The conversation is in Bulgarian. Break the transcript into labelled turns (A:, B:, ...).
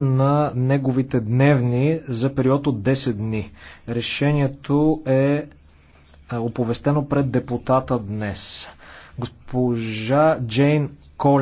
A: на неговите дневни за период от 10 дни. Решението е, е оповестено пред депутата днес. Госпожа
B: Джейн